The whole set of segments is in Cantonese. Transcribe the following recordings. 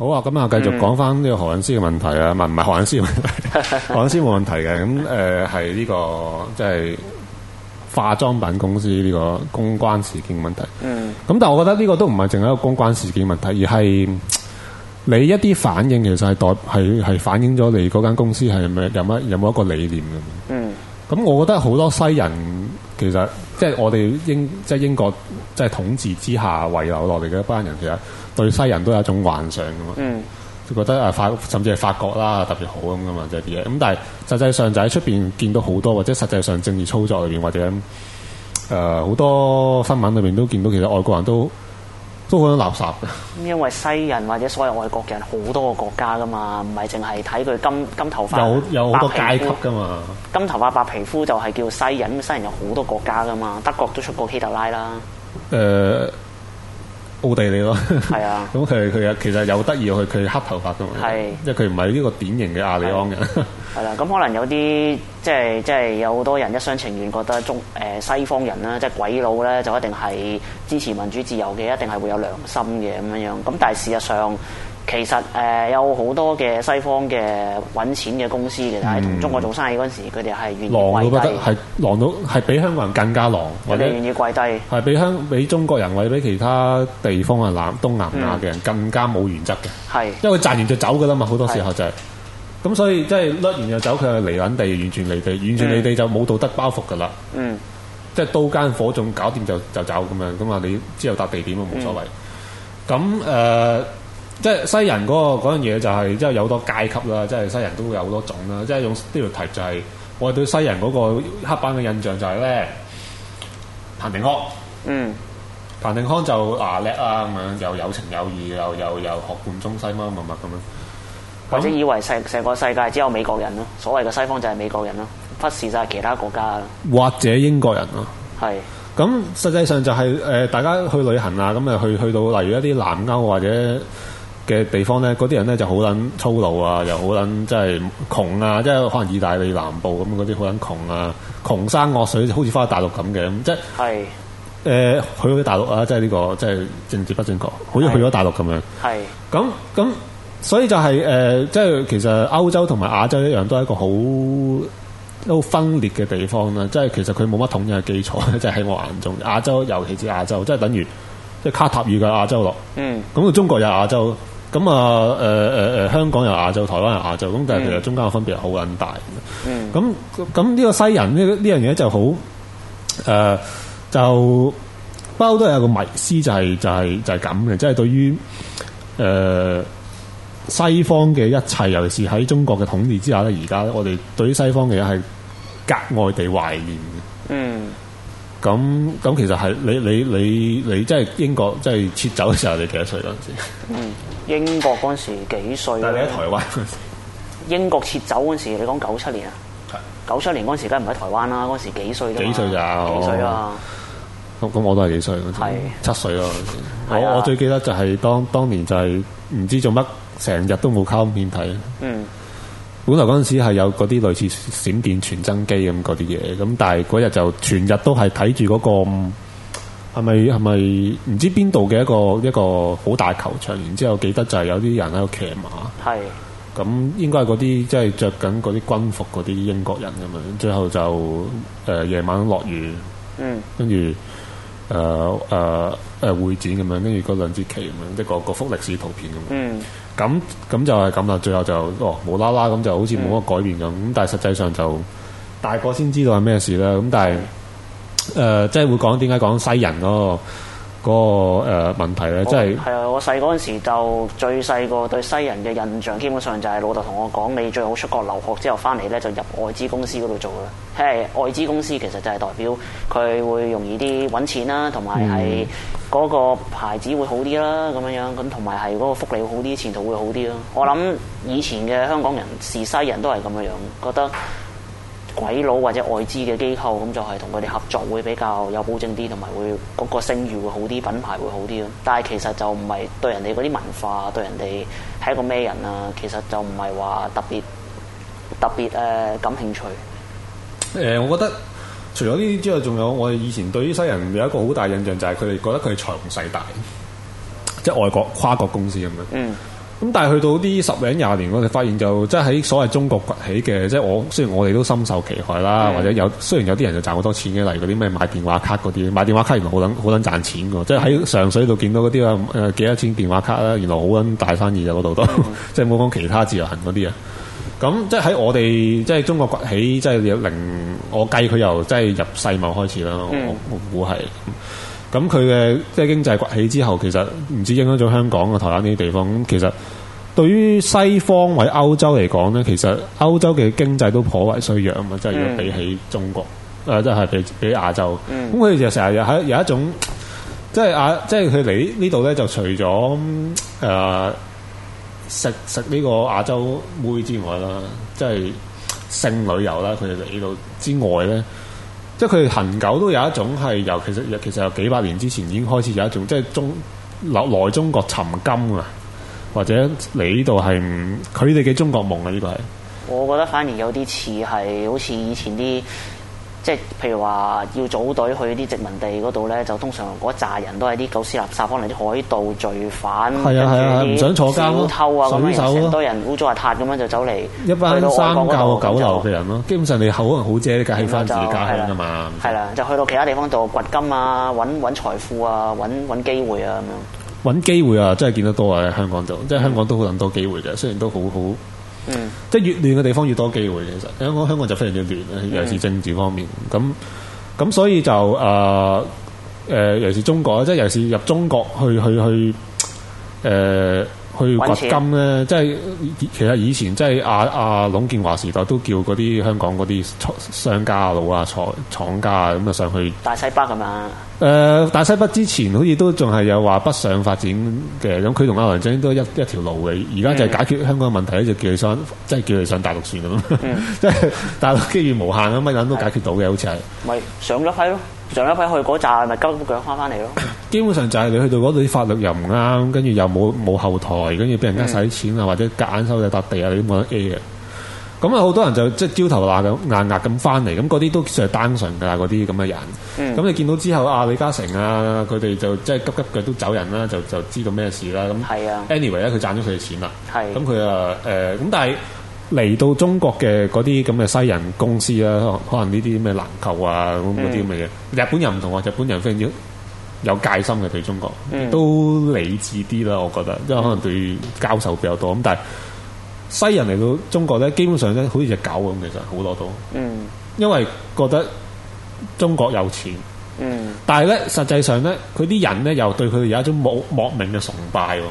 好啊，咁啊，繼續講翻呢個何韻詩嘅問題啊，唔係唔係何韻詩嘅問題，嗯、何韻詩冇問題嘅，咁誒係呢個即係、就是、化妝品公司呢個公關事件問題。嗯。咁但係我覺得呢個都唔係淨係一個公關事件問題，而係你一啲反應其實係代係係反映咗你嗰間公司係咪有乜有冇一個理念嘅。嗯。咁我覺得好多西人其實即係、就是、我哋英即係、就是、英國即係、就是、統治之下遺留落嚟嘅一班人其實。對西人都有一種幻想噶嘛，嗯、就覺得啊法甚至係法國啦特別好咁噶嘛，即係啲嘢。咁但係實際上就喺出邊見到好多，或者實際上政治操作裏邊或者誒好、呃、多新聞裏邊都見到，其實外國人都都好多垃圾嘅。因為西人或者所謂外國人，好多個國家噶嘛，唔係淨係睇佢金金頭髮。有有好多階級噶嘛，金頭髮白皮膚就係叫西人。西人有好多國家噶嘛，德國都出過希特拉啦。誒、呃。奧地利咯， 係是啊，咁佢佢有其實有得意喎，佢黑頭髮噶嘛，即係佢唔係呢個典型嘅亞利安人。係啦，咁可能有啲即係即係有好多人一廂情願覺得中誒、呃、西方人啦，即係鬼佬咧就一定係支持民主自由嘅，一定係會有良心嘅咁樣樣。咁但係事實上。其實誒、呃、有好多嘅西方嘅揾錢嘅公司嘅，喺同中國做生意嗰陣時，佢哋係願意跪低。狼，我覺得係狼到係比香港人更加狼。佢哋願意跪低係比香比中國人或者比其他地方啊南東南亞嘅人、嗯、更加冇原則嘅。係是因為佢賺完就走噶啦嘛，好多時候就係、是、咁，是所以即係甩完就走，佢係離韌地，完全離地，完全離地就冇道德包袱噶啦。嗯，即係刀尖火種，搞掂就就走咁樣咁啊！你之後搭地點啊，冇所謂。咁誒、嗯？即係西人嗰、那個樣嘢，那個、就係、是、即係有好多階級啦，即係西人都有好多種啦。即係用呢條題就係、是、我對西人嗰個刻板嘅印象就係咧，彭定康，嗯，彭定康就牙叻啊咁樣、啊，又有情有義，又又又學貫中西方文物咁樣。或者以為成成個世界只有美國人咯，所謂嘅西方就係美國人咯，忽視曬其他國家，或者英國人咯，係是。咁實際上就係、是、誒、呃，大家去旅行啊，咁啊去去到例如一啲南歐或者～嘅地方咧，嗰啲人咧就好撚粗魯啊，又好撚即係窮啊，即係可能意大利南部咁嗰啲好撚窮啊，窮山惡水好似翻去大陸咁嘅，咁即係誒是、呃、去去大陸啊，即係呢、呢個即係政治不正確，是好似去咗大陸咁樣。係咁咁，所以就係、是、誒、呃，即係其實歐洲同埋亞洲一樣，都係一個好都分裂嘅地方啦。即係其實佢冇乜統一嘅基礎即 就喺我眼中亞洲，尤其是亞洲，即係等於即係卡塔爾嘅亞洲咯。嗯，咁啊，中國有亞洲。咁啊，誒誒誒，香港又亞洲，台灣又亞洲，咁但係其實中間嘅分別好撚大。嗯。咁咁呢個西人呢呢樣嘢就好，誒、呃、就不嬲都有個迷思，就係、是、就係、是、就係咁嘅，即、就、係、是、對於誒、呃、西方嘅一切，尤其是喺中國嘅統治之下咧，而家咧我哋對於西方嘅嘢係格外地懷念嘅。嗯。咁咁其實係你你你你即係英國即係撤走嘅時候，你幾多歲嗰陣時？嗯，英國嗰陣時幾歲？但係你喺台灣嗰陣時，英國撤走嗰陣時，你講九七年啊？係九七年嗰陣時，梗係唔喺台灣啦。嗰陣時幾歲？幾歲咋？幾歲啊？咁咁我都係幾歲、啊？係是七歲咯。的我我最記得就係當當年就係唔知做乜，成日都冇卡通片睇。嗯。本來嗰陣時係有嗰啲類似閃電傳真機咁嗰啲嘢，咁但係嗰日就全日都係睇住嗰個係咪係咪唔知邊度嘅一個一個好大球場，然之後記得就係有啲人喺度騎馬，係咁是應該係嗰啲即係着緊嗰啲軍服嗰啲英國人咁樣，最後就誒夜晚落雨，嗯，跟住。誒誒誒會展咁樣，跟住嗰兩支旗咁樣，即係個嗰幅歷史圖片咁樣。嗯、like。咁咁就係咁啦，最後就哦無啦啦咁就好似冇乜改變咁。咁但係實際上就大個先知道係咩事啦。咁但係誒即係會講點解講西人咯。個誒問題咧，即係係啊！我細嗰陣時就最細個對西人嘅印象，基本上就係老豆同我講：你最好出國留學之後翻嚟咧，就入外資公司嗰度做啦。係外資公司其實就係代表佢會容易啲揾錢啦，同埋係嗰個牌子會好啲啦，咁樣樣咁同埋係嗰個福利好啲，前途會好啲咯。我諗以前嘅香港人視西人都係咁樣樣，覺得。鬼佬或者外資嘅機構咁就係同佢哋合作會比較有保證啲，同埋會嗰個聲譽會好啲，品牌會好啲咯。但係其實就唔係對人哋嗰啲文化，對人哋係一個咩人啊？其實就唔係話特別特別誒、呃、感興趣。誒、呃，我覺得除咗呢啲之外，仲有我哋以前對於西人有一個好大印象，就係佢哋覺得佢哋財雄勢大，即係外國跨國公司咁樣。嗯。咁但係去到啲十零廿年，我哋發現就即係喺所謂中國崛起嘅，即係我雖然我哋都深受其害啦，或者有雖然有啲人就賺好多錢嘅，例如嗰啲咩買電話卡嗰啲，買電話卡原來好撚好撚賺錢嘅，嗯、即係喺上水度見到嗰啲啊誒幾多錢電話卡啦，原來好撚大生意嘅嗰度都， 即係冇講其他自由行嗰啲啊。咁即係喺我哋即係中國崛起，即係由零，我計佢由即係入世貿開始啦、嗯，我估係。咁佢嘅即係經濟崛起之後，其實唔止影響咗香港、台灣呢啲地方。咁其實對於西方或者歐洲嚟講咧，其實歐洲嘅經濟都頗為衰弱啊嘛，即係、嗯、要比起中國，誒即係比比亞洲。咁佢哋就成日又喺有一種即係亞，即係佢嚟呢度咧，就除咗誒、呃、食食呢個亞洲妹之外啦，即係性旅遊啦，佢哋嚟呢度之外咧。即係佢哋恒久都有一種係由其實其實由幾百年之前已經開始有一種即係中來中國尋金啊，或者你呢度係佢哋嘅中國夢啊？呢、呢個係，我覺得反而有啲似係好似以前啲。即係譬如話要組隊去啲殖民地嗰度咧，就通常嗰一扎人都係啲狗屎垃圾，可能啲海盜、罪犯，係啊係啊，唔想坐監、想偷啊、想走，多人污糟邋遢咁樣就走嚟。一班三教九流嘅人咯，基本上你口可能好遮，你架起翻自己家鄉㗎嘛。係啦，就去到其他地方度掘金啊，揾揾財富啊，揾揾機會啊咁樣。揾機會啊，真係見得多啊！喺香港就，即係香港都好揾多機會嘅，雖然都好好。嗯，即係越亂嘅地方越多機會，其實，香港香港就非常之亂咧，尤其是政治方面。咁咁所以就誒誒、呃，尤其是中國，即係尤其是入中國去去去誒。呃去掘金咧，即係其實以前即係阿阿龍建華時代都叫嗰啲香港嗰啲商家佬啊，廠廠家啊，咁啊上去。大西北啊嘛。誒、呃，大西北之前好似都仲係有話北上發展嘅，咁佢同阿梁振英都一一條路嘅。而家就係解決香港嘅問題咧，嗯，就係，叫佢上，即係叫佢上大陸算咁，即係大陸機遇無限啊，乜人都解決到嘅，的好似係。咪上咗梯咯～上一批去嗰站咪急急腳翻翻嚟咯？是是基本上就係你去到嗰度啲法律又唔啱，跟住又冇冇後台，跟住俾人加曬啲錢啊，嗯、或者夾硬收你笪地啊，你都冇得 A 嘅。咁啊，好多人就即係焦頭爛額、硬額咁翻嚟，咁嗰啲都算係單純㗎，嗰啲咁嘅人。咁、嗯、你見到之後，阿李嘉誠啊，佢哋就即係急急腳都走人啦，就就知道咩事啦。咁係是啊 anyway。anyway 咧是的，佢賺咗佢嘅錢啦。係、呃。咁佢啊誒，咁但係。嚟到中國嘅嗰啲咁嘅西人公司啊，可能呢啲咩籃球啊嗰啲咁嘅嘢，日本人唔同喎，日本人非常之有戒心嘅對中國，嗯、都理智啲啦，我覺得，因為可能對交手比較多咁，但係西人嚟到中國咧，基本上咧好似隻狗咁，其實好多都，嗯，因為覺得中國有錢，嗯，但係咧實際上咧，佢啲人咧又對佢哋有一種莫莫名嘅崇拜喎。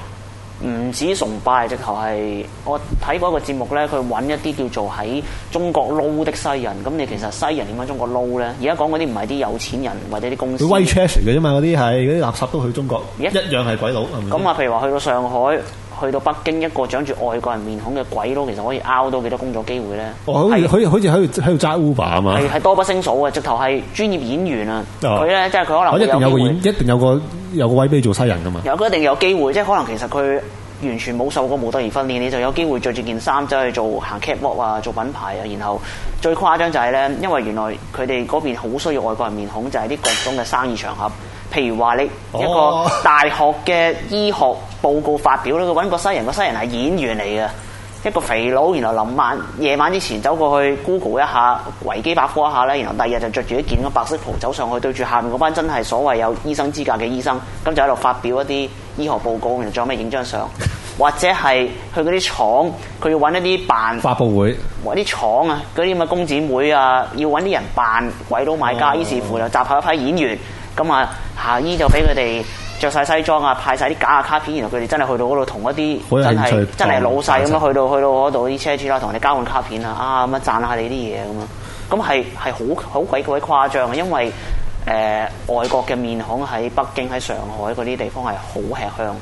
唔止崇拜，直頭係我睇過一個節目咧，佢揾一啲叫做喺中國撈的西人。咁你其實西人點解中國撈咧？而家講嗰啲唔係啲有錢人或者啲公司，佢威 c 嘅啫嘛。嗰啲係嗰啲垃圾都去中國，Yeah? 一樣係鬼佬。咁啊，譬如話去到上海，去到北京，一個長住外國人面孔嘅鬼佬，其實可以拗到幾多工作機會咧？哦，好似好似好似喺度揸 Uber 啊嘛，係是多不勝數嘅，直頭係專業演員啊！佢咧、哦、即係佢可能一定有個演，一定有個。有個位俾你做西人㗎嘛？有，佢一定有機會，即係可能其實佢完全冇受過模特兒訓練，你就有機會着住件衫走去做行 catwalk 啊，walk，做品牌啊。然後最誇張就係、是、咧，因為原來佢哋嗰邊好需要外國人面孔，就係、是、啲各種嘅生意場合。譬如話你一個大學嘅醫學報告發表咧，佢揾個西人，個西人係演員嚟嘅。一個肥佬，然後臨晚夜晚之前走過去 Google 一下維基百科一下咧，然後第二日就着住一件白色袍走上去，對住下面嗰班真係所謂有醫生資格嘅醫生，咁就喺度發表一啲醫學報告，然後仲有咩影張相，或者係去嗰啲廠，佢要揾一啲扮發佈會，或啲廠啊嗰啲咁嘅工展會啊，要揾啲人扮鬼佬買家，於、哦、是乎就集合一批演員，咁啊夏醫就俾佢哋。着晒西裝啊，派晒啲假嘅卡片，然後佢哋真係去到嗰度同一啲好真係真係老細咁樣去到去到嗰度啲車主啦，同人哋交換卡片啊，啊咁乜讚下你啲嘢咁啊，咁係係好好鬼鬼誇張啊！因為誒、呃、外國嘅面孔喺北京喺上海嗰啲地方係好吃香。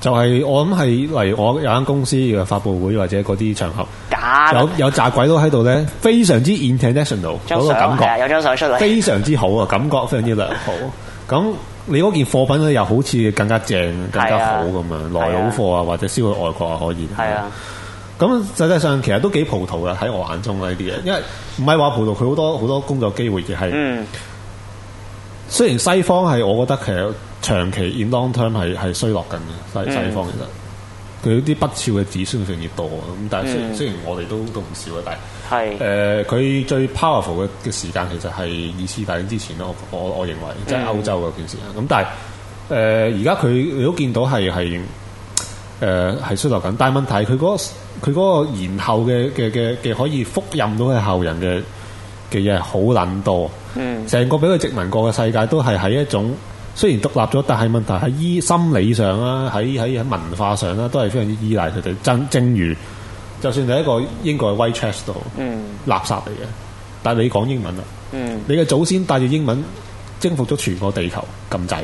就係、是、我諗係例如我有間公司嘅發布會或者嗰啲場合，假的有有紮鬼佬喺度咧，非常之 international 嗰個感覺，有張相出嚟， 非常之好啊，感覺非常之良好咁。 你嗰件貨品咧，又好似更加正、更加好咁樣，的來好貨啊，的或者銷去外國啊，可以。係啊的，咁實際上其實都幾葡萄嘅喺我眼中呢啲嘢，因為唔係話葡萄，佢好多好多工作機會嘅、就、係、是。嗯、雖然西方係我覺得其實長期 in long term 係係衰落緊嘅，西、嗯、西方其實。佢啲不肖嘅子孫算唔算亦多咁，但係雖然，嗯、雖然我哋都都唔少啊，但係誒佢最 powerful 嘅嘅時間其實係二次大戰之前咯。我我我認為即係、就是、歐洲嗰件事咁，但係誒而家佢都見到係係誒係衰落緊。但係問題佢嗰佢嗰個延後嘅嘅嘅嘅可以複任到嘅後人嘅嘅嘢係好撚多。成、嗯、個俾佢殖民過嘅世界都係喺一種。雖然獨立咗，但係問題喺依心理上啦，喺喺喺文化上啦，都係非常之依賴佢哋。正正如，就算你一個英國嘅 WeChat 都好，嗯、垃圾嚟嘅，但係你講英文啦，嗯、你嘅祖先帶住英文征服咗全個地球，咁滯。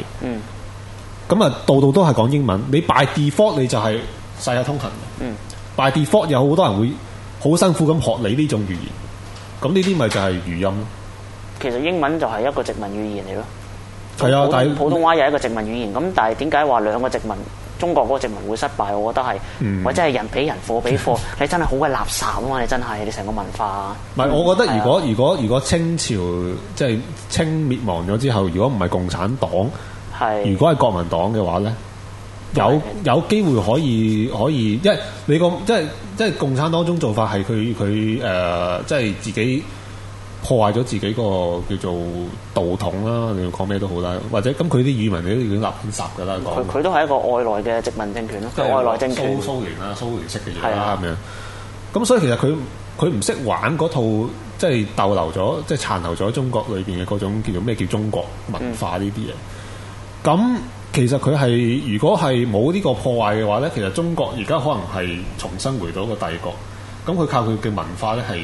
咁啊、嗯，度度都係講英文。你 by default 你就係世界通行嘅。嗯、by default 有好多人會好辛苦咁學你呢種語言。咁呢啲咪就係語音咯。其實英文就係一個殖民語言嚟咯。係啊，但普通話又係一個殖民語言。咁但係點解話兩個殖民中國嗰個殖民會失敗？我覺得係，嗯、或者係人比人，貨比貨，你真係好鬼垃圾啊嘛！你真係，你成個文化。唔係、嗯，我覺得如果是的 如果如果清朝即係、就是、清滅亡咗之後，如果唔係共產黨，係是的 如果係國民黨嘅話咧，有是的 有機會可以可以，因、就、為、是、你個即係即係共產黨種做法係佢佢誒，即係、呃就是、自己。破壞咗自己個叫做道統啦，你要講咩都好啦，或者咁佢啲語文你說說都已垃立㗎啦，講佢佢都係一個外來嘅殖民政權咯，即係外來政權蘇聯啦，蘇聯式嘅嘢啦，咁是的 樣咁，所以其實佢佢唔識玩嗰套即係、就是、逗留咗，即係殘留咗中國裏邊嘅嗰種叫做咩叫中國文化呢啲嘢。咁、嗯、其實佢係如果係冇呢個破壞嘅話咧，其實中國而家可能係重新回到一個帝國。咁佢靠佢嘅文化咧係。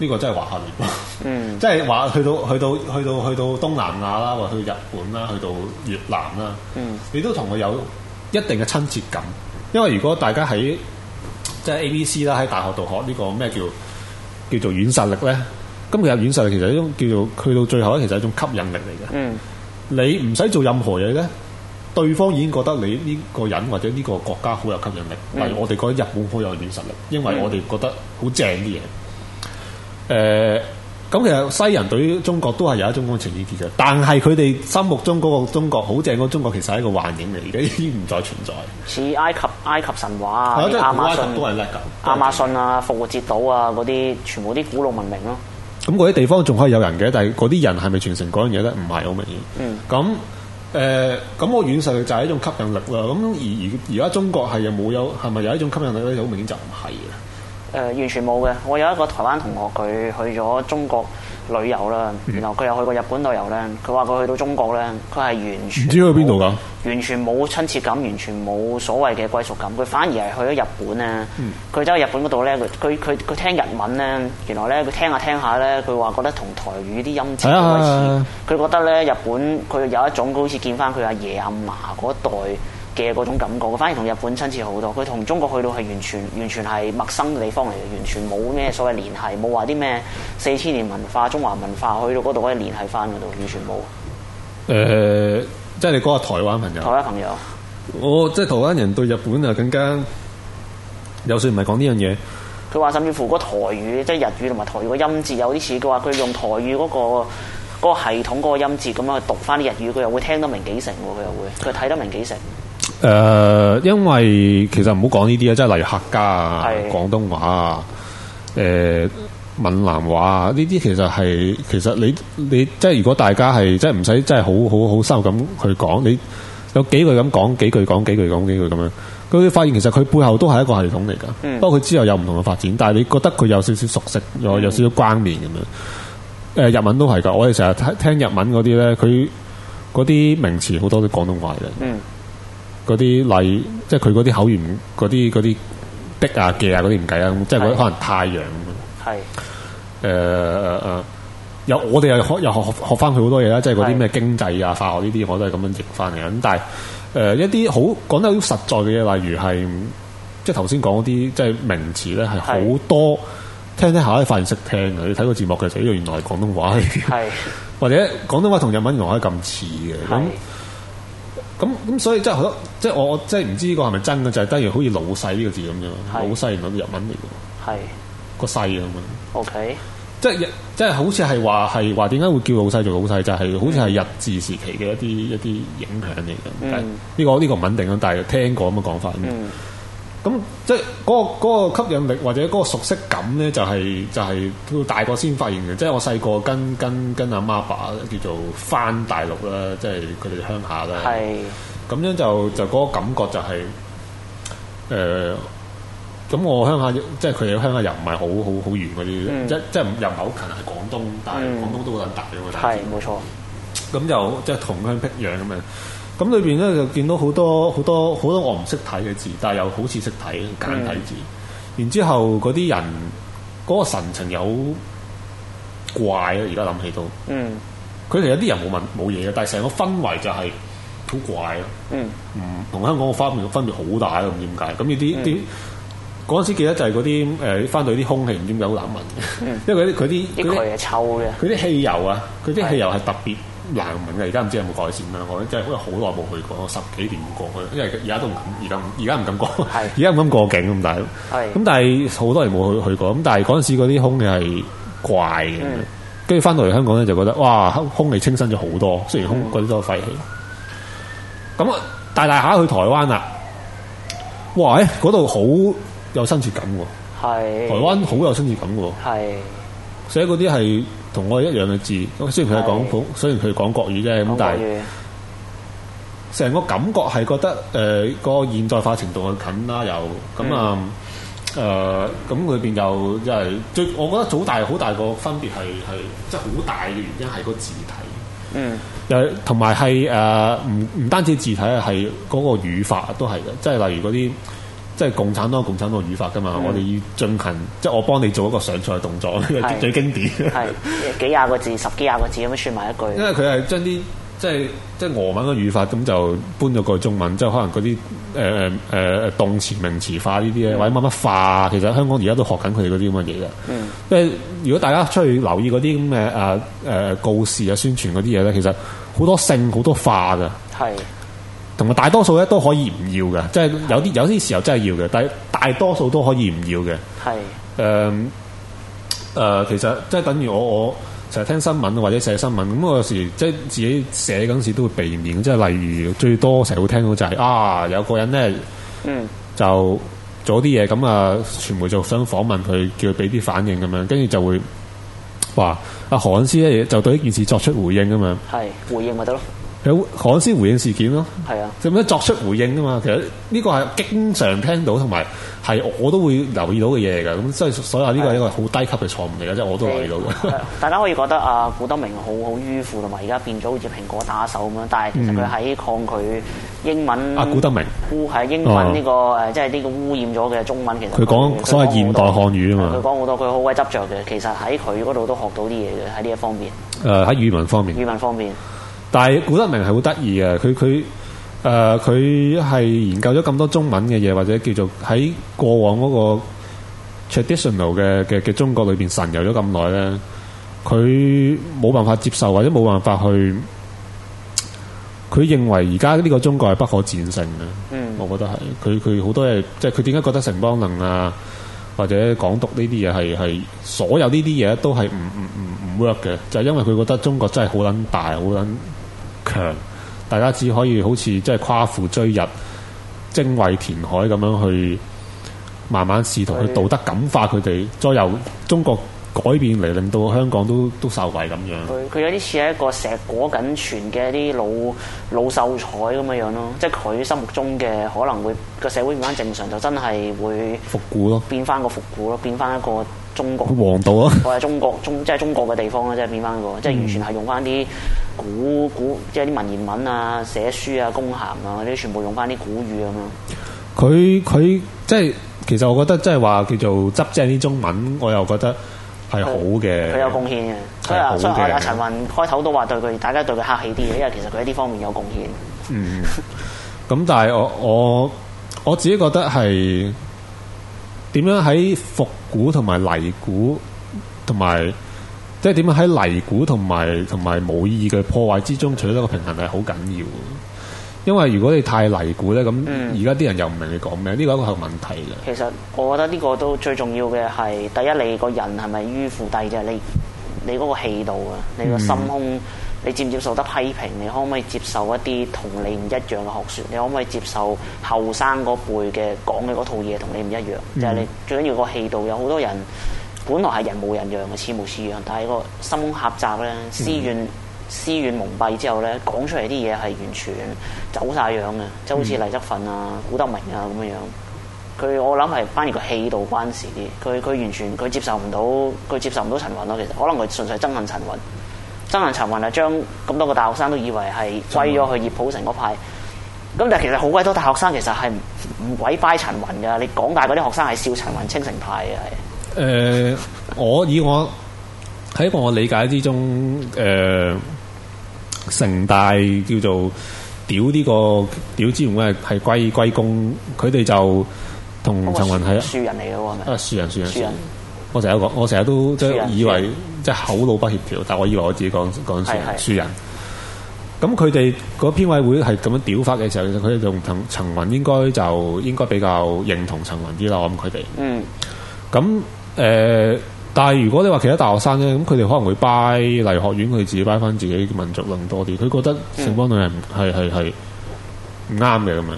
呢個真係華夏文化， 嗯，即係話去到去到去到去到東南亞啦，或者去到日本啦，去到越南啦，嗯，你都同佢有一定嘅親切感。因為如果大家喺即係 A B C 啦，喺大學度學呢、呢個咩叫叫做軟實力咧，咁其實軟實力其實一種叫做去到最後咧，其實係一種吸引力嚟嘅。嗯，你唔使做任何嘢咧，對方已經覺得你呢個人或者呢個國家好有吸引力。嗯、例如我哋覺得日本好有軟實力，因為我哋覺得好正啲嘢。誒，咁、呃、其實西人對於中國都係有一種情意結嘅，但係佢哋心目中嗰個中國好正嗰個中國，中國其實係一個幻影嚟嘅，已經唔再存在。似埃及、埃及神話啊，亞馬遜、亞馬遜啊、復活節島啊嗰啲，全部啲古老文明咯、啊。咁嗰啲地方仲可以有人嘅，但係嗰啲人係咪傳承嗰樣嘢咧？唔係好明顯。咁誒、嗯，咁個軟實力就係一種吸引力啦。咁而而而家中國係有冇有，係咪有一種吸引力咧？好明顯就唔係嘅。誒、呃、完全冇嘅，我有一個台灣同學，佢去咗中國旅遊啦，嗯、然後佢又去過日本旅遊咧。佢話佢去到中國咧，佢係完全唔知去邊度㗎，完全冇親切感，完全冇所謂嘅歸屬感。佢反而係去咗日本咧，佢走去日本嗰度咧，佢佢佢聽日文咧，原來咧佢聽下聽下咧，佢話覺得同台語啲音節都開始，佢、啊啊啊、覺得咧日本佢有一種好似見返佢阿爺阿嫲嗰代嘅嗰種感覺，反而同日本親切好多。佢同中國去到係完全完全係陌生嘅地方嚟嘅，完全冇咩所謂聯繫，冇話啲咩四千年文化、中華文化去到嗰度可以聯繫翻嗰度，完全冇。誒、呃，即係你講下台灣朋友，台灣朋友，我即係台灣人對日本又更加就算唔係講呢樣嘢。佢話甚至乎嗰台語即係日語同埋台語個音節有啲似，佢話佢用台語嗰、嗰個嗰個系統嗰個音節咁樣去讀翻啲日語，佢又會聽得明幾成，佢又會佢睇得明幾成。誒、呃，因為其實唔好講呢啲啊，即係例如客家啊、廣是的 東話啊、誒、呃、閩南話啊，呢啲其實係其實你你即係如果大家係即係唔使即係好好好深入咁去講，你有幾句咁講幾句講幾句講幾句咁樣，佢會發現其實佢背後都係一個系統嚟噶。嗯、不過佢之後有唔同嘅發展，但係你覺得佢有少少熟悉，有有少少關聯咁樣。誒、嗯呃，日文都係噶，我哋成日聽聽日文嗰啲咧，佢嗰啲名詞好多都廣東話嚟。嗯。嗰啲例，即係佢嗰啲口語，嗰啲嗰啲的啊、記啊嗰啲唔計啦，即係嗰啲可能太陽。係是、呃，誒誒誒，有、呃呃、我哋又學又學學翻佢好多嘢啦，即係嗰啲咩經濟啊、化學呢啲，我都係咁樣譯翻嚟。咁但係，誒、呃、一啲好講得好實在嘅嘢，例如係，即係頭先講啲即係名詞咧，係好多是 聽聽下咧，可以發現識聽嘅。你睇個字幕嘅時候呢個原來係廣東話，係是 或者廣東話同日文原來可以咁似嘅咁。是 咁咁、嗯、所以即係、就是、好多即係我即係唔知呢個係咪真嘅，就係等如好似老細呢個字咁樣是老細唔係日文嚟㗎，係是個細咁樣。O Okay . K，即係日即係好似係話係話點解會叫老細做老細就係、是、好似係日治時期嘅一啲一啲影響嚟嘅，呢、嗯呢個呢、呢個唔肯定咯，但係聽過咁嘅講法。嗯咁即係嗰、嗰個嗰個吸引力或者嗰個熟悉感咧，就係、係、就係、係、到大個先發現嘅。即係我細個跟跟跟阿媽爸叫做返大陸啦，即係佢哋鄉下啦。係咁是 樣就就嗰個感覺就係誒咁。呃、我鄉下即係佢哋鄉下又唔係好好好遠嗰啲，嗯、即即又唔係好近。係廣東，但係廣東都好撚大。冇、嗯、錯就。咁就即係同鄉僻壤咁樣。咁裏邊咧就見到好多好多好多我唔識睇嘅字，但係又好似識睇簡體字。嗯、然之後嗰啲人嗰、嗰個神情有怪啊！而家諗起到，嗯，佢哋有啲人冇問冇嘢嘅，但係成個氛圍就係好怪咯。嗯，同香港個分嘅分別好大咯，唔知點解。咁啲啲嗰陣時記得就係嗰啲誒翻到啲空氣唔知點解好難聞，嗯、因為啲佢啲，因為臭嘅，佢啲汽油啊，佢啲汽油係對特別。難明嘅，而家唔知有冇改善啦。咁樣。我咧真係好耐冇去過，十幾年冇過去，因為而家都唔敢，而家唔而家唔敢過。而家唔敢過境咁大咯。咁但係好是多年冇去去過，咁、嗯、但係嗰陣時嗰啲空氣係怪嘅，跟住翻到嚟香港咧就覺得哇，空空氣清新咗好多。雖然空嗰啲是都係廢氣。咁啊，大大下去台灣啦。哇！嗰度好有親切感喎。是台灣好有親切感喎。係是。所以嗰啲係。同我一樣嘅字，雖然佢係講普，是雖然佢講國語啫，咁但係成個感覺係覺得誒、呃那個現代化程度係近啦，又咁啊誒咁裏邊又即係最，我覺得早大好大個分別係，係即係好大嘅原因係個字體，嗯，又同埋係誒唔唔單止字體啊，係嗰個語法都係嘅，即係例如嗰啲。即係共產黨，共產黨語法㗎嘛，嗯、我哋要進行，即係我幫你做一個上菜動作，因為係最經典。係幾廿個字，十幾廿個字咁樣串埋一句。因為佢係將啲即係即係俄文嘅語法，咁就搬咗過去中文，即係可能嗰啲誒誒誒動詞名詞化呢啲嘢，嗯、或者乜乜化，其實香港而家都學緊佢哋嗰啲咁嘅嘢嘅。嗯，即係如果大家出去留意嗰啲咁嘅誒誒告示啊、宣傳嗰啲嘢咧，其實好多性好多化㗎。係。同埋大多數咧都可以唔要嘅，即係有啲有啲時候真係要嘅，但係大多數都可以唔要嘅。係、就是，誒誒是、呃呃，其實即係等於我我成日聽新聞或者寫新聞，咁我有時即係自己寫嗰陣時都會避免，即係例如最多成日會聽到就係、是、啊有個人咧，嗯，就做啲嘢咁啊，傳媒就想訪問佢，叫佢俾啲反應咁樣，跟住就會話阿何韻詩咧就對呢件事作出回應咁樣，係回應咪得咯。有會首先回應事件咯，係啊，咁樣作出回應噶嘛。其實呢個係經常聽到同埋係我都會留意到嘅嘢嘅。咁即以所以呢個係一個好低級嘅錯誤嚟嘅。即係我都留意到。大家可以覺得啊，古德明好好迂腐，同埋而家變咗好似蘋果打手咁樣。但係其實佢喺抗拒英文啊，古德明污英文呢個誒，即係呢個污染咗嘅中文。其實佢講所謂現代漢語啊嘛。佢講好多，佢好鬼執着嘅。其實喺佢嗰度都學到啲嘢嘅喺呢一方面。誒喺語文方面。語文方面。但係古德明係好得意嘅，佢佢誒佢係研究咗咁多中文嘅嘢，或者叫做喺過往嗰個 traditional 嘅嘅嘅中國裏邊神遊咗咁耐咧，佢冇辦法接受或者冇辦法去，佢認為而家呢個中國係不可戰勝嘅。嗯，我覺得係佢佢好多嘢，即係佢點解覺得城邦能啊或者港獨呢啲嘢係係所有呢啲嘢都係唔唔唔唔 work 嘅，就係因為佢覺得中國真係好捻大，好捻。強，大家只可以好似即係夸父追日，精衛填海咁樣去慢慢試圖去道德感化佢哋，的再由中國改變嚟令到香港都都受惠咁樣。佢佢有啲似係一個碩果僅存嘅一啲老老秀才咁樣樣咯，即係佢心目中嘅可能會個社會唔翻正常就真係會復古咯，變翻個復古咯，變翻一個。中國黃道啊！我係中國中，即係中國嘅地方啊，即係變翻個，即係、嗯、完全係用翻啲古古，古，即係啲文言文啊，寫書啊，公函啊，嗰啲全部用翻啲古語咁、啊、樣。佢佢即係其實我覺得即係話叫做執正啲中文，我又覺得係好嘅。佢、嗯、有貢獻嘅、嗯，所以啊，所以阿陳雲開頭都話對佢，大家對佢客氣啲嘅，因為其實佢喺呢方面有貢獻。嗯，咁但係我我我，我自己覺得係。點樣喺復古同埋泥古同埋，即係點樣喺泥古同埋同埋無意義嘅破壞之中取得一個平衡係好緊要嘅。因為如果你太泥古咧，咁而家啲人又唔明你講咩，呢個一個係問題嘅。其實我覺得呢個都最重要嘅係，第一你個人係咪迂腐啲啫？你你嗰個氣度啊，你，你，個，你個心胸。嗯你接唔接受得批評？你可唔可以接受一啲同你唔一樣嘅學説？你可唔可以接受後生嗰輩嘅講嘅嗰套嘢同你唔一樣？嗯、就係你最緊要個氣度，有好多人本來係人無人樣嘅，似模似樣，但係個心狹窄咧，私怨、嗯、私怨蒙蔽之後咧，講出嚟啲嘢係完全走晒樣嘅，即係、嗯、好似黎則奮啊、古德明啊咁樣。佢我諗係反而個氣度關事啲，佢佢完全佢接受唔到，佢接受唔到陳雲咯。其實可能佢純粹憎恨陳雲。真人陳雲啊，將咁多個大學生都以為係歸咗去葉普城嗰派，咁但係其實好鬼多大學生其實係唔鬼拜陳雲㗎。你講大嗰啲學生係笑陳雲清城派嘅係。誒、呃，我以我喺一個我理解之中，誒、呃，城大叫做屌呢、這個屌之餘咧，係歸歸公佢哋就同陳雲係樹，樹人嚟嘅喎。是是啊，樹人，樹人，樹人。樹人我成日講，我成日都即係人以為。即係口腦不協調，但我以為我自己講成書人。咁佢哋嗰編委會係咁樣屌法嘅時候，其實佢哋仲同陳雲應該就應該比較認同陳雲啲，我諗佢哋，嗯，咁、呃、誒，但係如果你話其他大學生咧，咁佢哋可能會拜黎學院，佢自己拜翻自己民族論多啲。佢覺得城邦女人係係係唔啱嘅咁樣，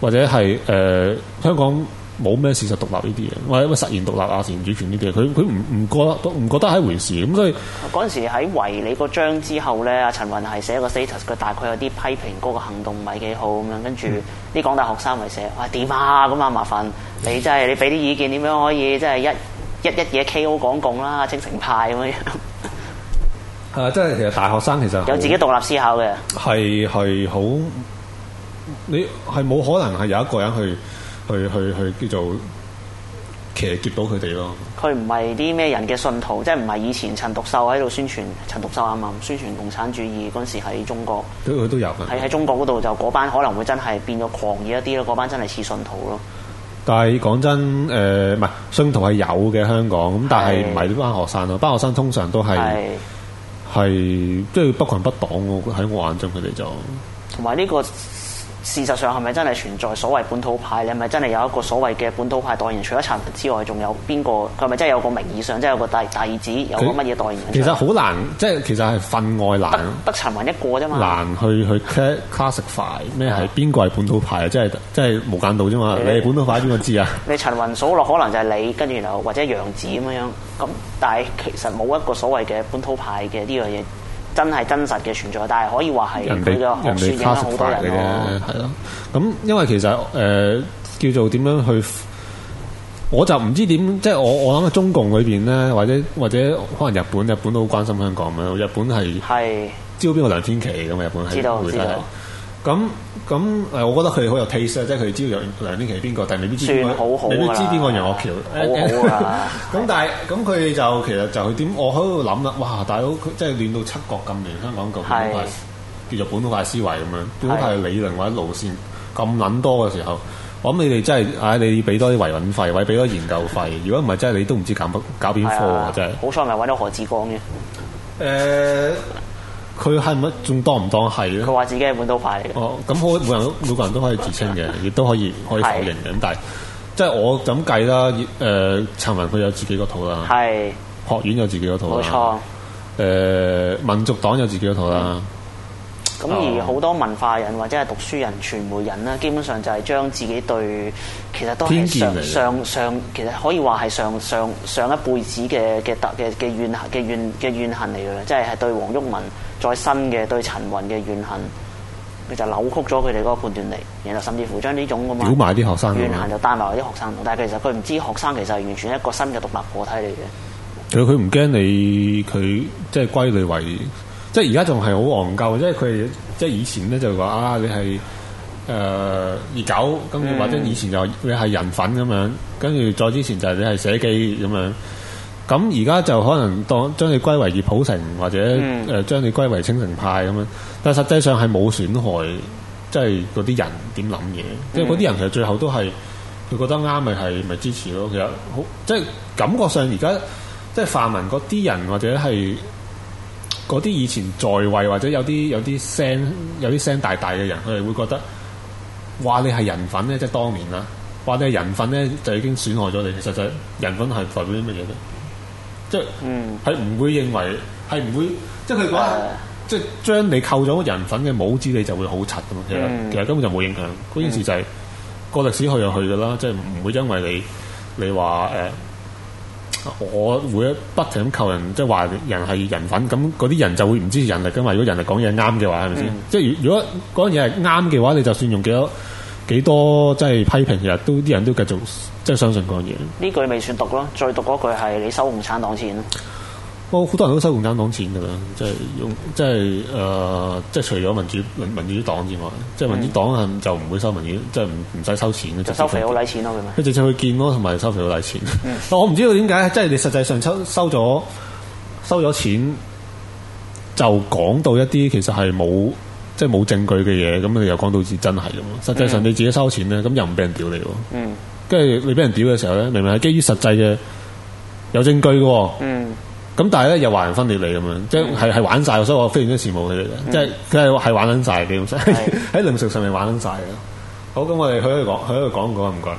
或者係誒、呃、香港。冇咩事實獨立呢啲嘢，因為實現獨立啊、自主權呢啲嘢，佢佢唔唔覺得唔覺得係一回事咁，所以嗰陣時喺圍你個章之後咧，阿陳雲係寫一個 status，佢大概有啲批評嗰、那個行動唔係幾好咁樣，跟住啲廣大學生咪寫，哇點啊咁啊麻煩你、就是，真係你俾啲意見點樣可以即係一,一一一嘢 KO 港共啦、精城派咁樣。係啊，即係其實大學生其實有自己獨立思考嘅，係係好你係冇可能係有一個人去。去去去叫做騎劫到佢哋咯。佢唔係啲咩人嘅信徒，即係唔係以前陳獨秀喺度宣傳陳獨秀啊嘛，宣傳共產主義嗰陣時喺中國。佢都有。喺喺中國嗰度就嗰班可能會真係變咗狂熱一啲咯，嗰班真係似信徒咯。但係講真，誒唔係信徒係有嘅香港，咁但係唔係呢班學生咯。的班學生通常都係係即係不群不黨喎。喺我眼中佢哋就同埋呢個。事實上係咪真係存在所謂本土派？你係咪真係有一個所謂嘅本土派代言？除咗陳雲之外，仲有邊個？佢係咪真係有個名義上，即係有個弟弟子有乜嘢代言人？其實好難，即係其實係分外難。得陳雲一個啫嘛。難去去 classify 咩係邊個係本土派啊？即係即係無間道啫嘛。 你係本土派邊個知啊？你陳雲數落可能就係你，跟住然後或者楊子咁樣樣。咁但係其實冇一個所謂嘅本土派嘅呢樣嘢。真係真實嘅存在，但係可以話係俾咗惡說影響好多人咯。係咯，咁因為其實誒、呃、叫做點樣去，我就唔知點。即係我我諗中共裏邊咧，或者或者可能日本，日本都好關心香港，咁日本係招邊個梁天琪。咁，日本係是知道知道。是知道咁咁誒，我覺得佢好有 taste 啊！即係佢知道梁天琦係邊個，但係未必知點解，未必知邊個楊岳橋。咁但係咁佢就其實就佢點？我喺度諗啦，哇！大佬佢真係亂到七國咁亂，香港究竟點叫做本土化思維咁樣？本土化理論或者路線咁諗多嘅時候，我諗你哋真係唉，你俾多啲維穩費，或者俾多啲研究費。如果唔係，真係你都唔知搞搞邊科真係。好彩咪揾到何志光嘅。誒。佢係咪仲當唔當係咧？佢話自己係本土派嚟嘅。哦，咁好，每人都每個人都可以自稱嘅，亦都可以可以否認嘅。 是的 但即係我就咁解啦。誒、呃，陳雲佢有自己個套啦。係。是的 學院有自己個套。冇沒錯。誒、呃，民族黨有自己個套啦。咁、嗯嗯、而好多文化人或者係讀書人、傳媒人咧，基本上就係將自己對其實都係上上，上，上，上其實可以話係上上上一輩子嘅嘅達嘅嘅怨恨嘅怨嘅怨恨嚟嘅啦。即係係對黃毓民。再新嘅對陳雲嘅怨恨，佢就扭曲咗佢哋嗰個判斷力，然後甚至乎將呢種咁樣屌埋啲學生，怨恨就帶埋啲學生，但係其實佢唔知學生其實完全一個新嘅獨立個體嚟嘅。佢佢唔驚你，佢即係歸類為，即係而家仲係好戇鳩，即係佢即係以前咧就話啊，你係誒熱狗，跟住，呃，嗯，或者以前就你係人粉咁樣，跟住再之前就係你係寫記咁樣。咁而家就可能當將你歸為熱普城，或者誒將你歸為清城派咁樣，但實際上係冇損害，就是嗯、即係嗰啲人點諗嘢。即係嗰啲人其實最後都係佢覺得啱、就是，咪係咪支持咯。其實好即係感覺上而家即係泛民嗰啲人或者係嗰啲以前在位或者有啲有啲聲有啲聲大大嘅人，佢哋會覺得話你係人粉咧，即、就、係、是、當年啦，話你係人粉咧，就已經損害咗你。其實就人粉係代表啲乜嘢咧？即係，唔、嗯、會認為係唔會，即係佢講，即係將你扣咗個人粉嘅帽子，你就會好柒噶其實，嗯、其實根本就冇影響。件，嗯、事就係個歷史去又去噶啦，即係唔會因為你你話誒、呃，我會不停咁扣人，即係話人係人粉，咁嗰啲人就會唔支持人哋噶嘛？如果人哋講嘢啱嘅話，係咪先？即係、嗯、如果講嘢係啱嘅話，你就算用幾多。幾多即係批評，其實都啲人都繼續即係相信講嘢。呢句未算讀咯，再讀嗰句係你收共產黨錢咯。我好多人都收共產黨錢噶，即、就、係、是、用即係誒，即、就、係、是呃就是、除咗民主民民主黨之外，即係、嗯、民主黨係就唔會收民主，即係唔唔使收錢收肥佬黎錢咯，佢咪。直接去見咯，同埋收肥佬黎錢。但、嗯、 我唔知道點解，即、就、係、是、你實際上收收咗收咗錢，就講到一啲其實係冇。即係冇證據嘅嘢，咁你又講到似真係咁咯。實際上你自己收錢咧，咁、mm hmm. 又唔俾人屌你。嗯、mm，跟、hmm. 住你俾人屌嘅時候咧，明明係基於實際嘅有證據嘅。嗯、mm。咁、hmm. 但係咧又話人分裂你咁樣，即係係玩晒，所以我非常之羨慕佢哋。Mm hmm. 即係佢係係玩緊晒嘅，喺零食上面玩緊晒嘅。好，咁我哋去喺度去講，去喺度去講講啊，唔該。